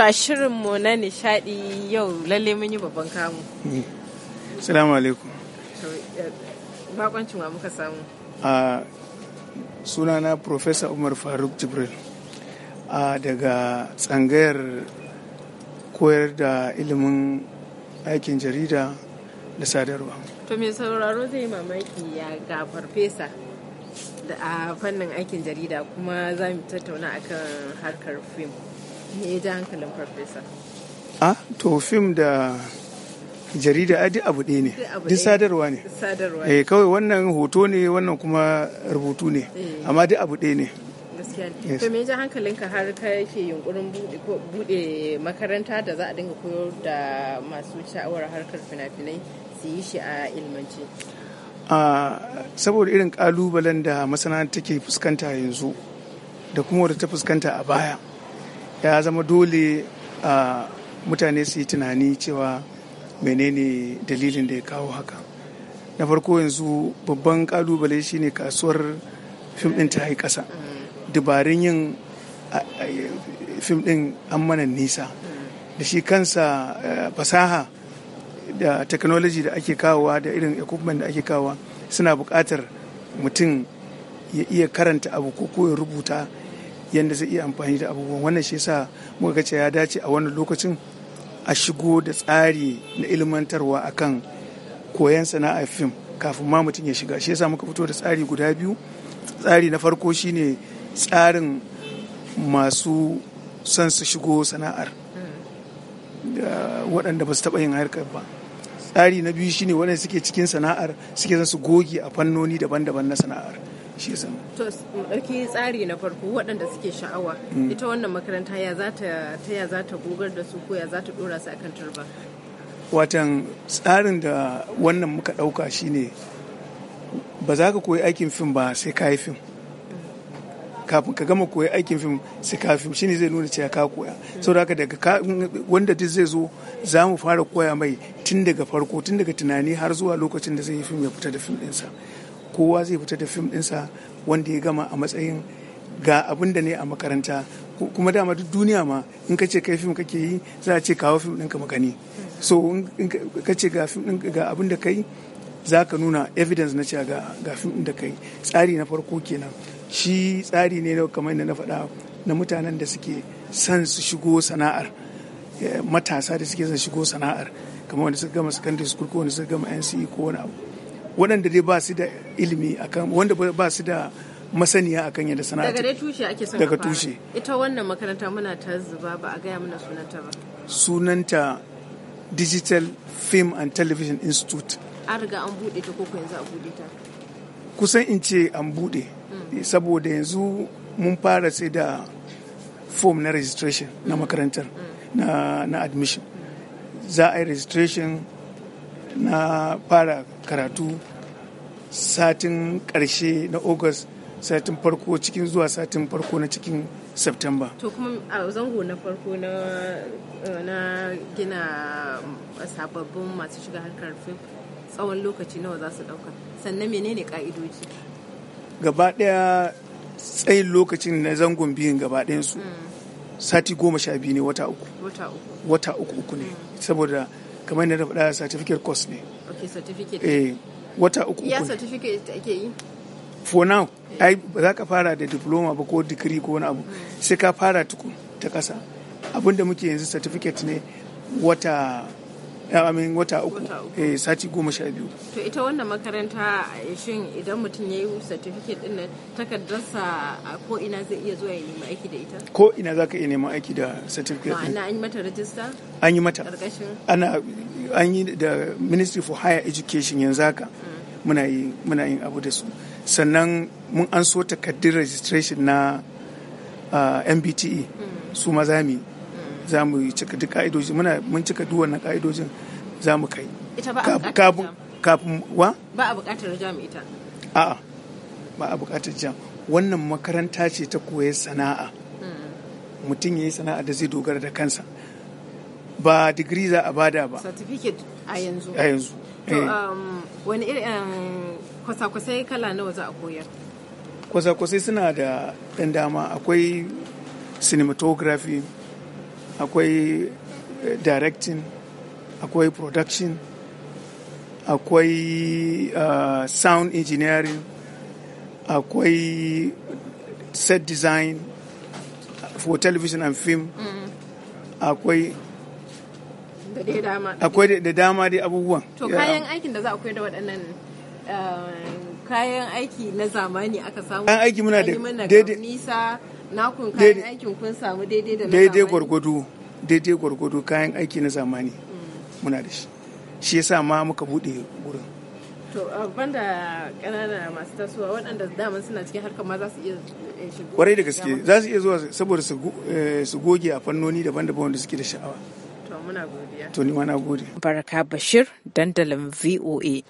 To a mu na nishadi yau lalle mun yi babban kamu. Salamu alaikum. Bakoncin wa muka samu? A sunana Profesa Umar Faruk Jibril a daga tsangayar koyar da ilimin aikin jarida da sadarwa. To me sauraro zai yi mamaki ya ga farfesa a fannin aikin jarida kuma za mu tattauna akan harkar fim. A to fim da jarida adi abu ɗaya ne duk sadarwa ne eh kawai wannan hoto ne wannan kuma rubutu ne eh. amma duk abu ɗaya ne Yes. me ja hankalinka har ka yake yunkurin bude makaranta da za a dinga koyar da masu sha'awar harkar fina-finai su yi shi a ilmance saboda irin kalubalen da masana take fuskanta yanzu da kuma wadda ta fuskanta a baya mm ya zama dole a mutane su yi tunani cewa menene dalilin da ya kawo haka na farko yanzu babban kalubale shine kasuwar fim din ta yi ƙasa dabarun yin fim din an mana nisa da shi kansa fasaha da technology da ake kawowa da irin equipment da ake kawowa suna bukatar mutum ya iya karanta abu ko ya rubuta yadda zai iya amfani da abubuwan wannan shi yasa muka ga ya dace a wannan lokacin a shigo da tsari na ilmantarwa akan koyan sana'ar fim kafin ma mutum ya shiga shi yasa muka fito da tsari guda biyu tsari na farko shine tsarin masu son su shigo sana'ar mm. waɗanda ba su taɓa yin harkar ba tsari na biyu shine wanda suke cikin sana'ar suke zan su goge a fannoni daban-daban na sana'ar shi yasa to ɗauki tsari na farko waɗanda suke sha'awa mm. ita wannan makaranta ya za ta ya za ta gogar da su ko ya za ta dora su akan turba watan tsarin da wannan muka ɗauka shine ba za ka koyi aikin fim ba sai ka yi fim kafin ka gama koyi aikin fim su kafin shine zai nuna cewa ka koya saboda haka daga wanda duk zai zo za mu fara koya mai tun daga farko tun daga tunani har zuwa lokacin da zai yi fim ya fita da fim ɗinsa kowa zai fita da fim ɗinsa wanda ya gama a matsayin ga abin da ne a makaranta kuma dama duk duniya ma in ka ce kai fim kake yi za a ce kawo fim ɗinka ne so in ka ce ga fim ga abin da kai za ka nuna evidence na cewa ga fim ɗin da kai tsari na farko kenan shi tsari ne kamar da na faɗa na mutanen da suke son su shigo sana'ar eh, matasa da suke son shigo sana'ar kamar wanda suka gama secondary school ko wanda suka gama NCE ko wani abu waɗanda dai ba su da ilimi akan wanda ba su da masaniya akan yadda sana'a daga tushe ake son daga tushe ita wannan makaranta muna ta zuba ba a gaya mana sunanta ba sunanta Digital Film and Television Institute an riga an buɗe ta ko yanzu a buɗe ta kusan in ce an bude hmm. saboda yanzu mun fara sai da form na registration na hmm. makarantar hmm. na, admission za a yi registration na fara karatu satin karshe na august satin farko cikin zuwa satin farko na cikin september to kuma a zango na farko na eh, gina mm, sababbin masu shiga harkar fim tsawon lokaci nawa za su ɗauka sannan menene ka'idoji gaba daya tsayin lokacin na zangon biyun gaba su mm. sati goma sha biyu ne wata uku wata uku uku ne mm. saboda kamar na faɗa certificate course ne ok certificate eh wata uku uku ne ya certificate ake yi for now eh. ai ba za ka fara da diploma ba ko degree ko wani abu mm. sai ka fara tukun ta ƙasa abinda muke yanzu certificate ne wata amin wata uku eh sati goma sha biyu to ita wannan makaranta shin idan mutum ya yi certificate din takardarsa ko ina zai iya zuwa ya nemi aiki da ita ko ina zaka iya neman aiki da certificate ma'ana an yi mata rajista an yi mata ana an yi da ministry for higher education yanzu haka mm. muna yi muna yin abu da su sannan mun an so takardun registration na ah, mbte mm. su ma za mu yi mm. za mu cika duk ka'idoji muna mun cika duk wannan ka'idojin za mu kai ita ba a kafin wa ba a buƙatar jam ita a'a ba a buƙatar jam wannan makaranta ce ta koyar sana'a hmm. mutum ya yi sana'a da zai dogara da kansa ba digiri za a bada ba certificate a yanzu a yanzu eh. um, wani um, kwasa-kwasai kala nawa za a koyar kwasa-kwasai suna da ɗan dama akwai cinematography akwai eh, directing akwai production akwai uh, sound engineering akwai set design for television and film mm-hmm. akwai akwai da dama dai abubuwan to kayan aikin da za a koyar da waɗannan uh, kayan aiki na zamani aka samu kayan aiki muna da daidai nisa nakun kayan aikin kun samu daidai da daidai gwargwado daidai gwargwado kayan aiki na zamani muna da shi shi yasa ma muka bude gurin to da ƙanana masu tasowa waɗanda daman suna cikin harkar ma za su iya eh, shigo kwarai da gaske za su iya zuwa saboda eh, su goge a fannoni daban-daban wanda suke da sha'awa to muna godiya to ni ma na gode baraka bashir dandalin voa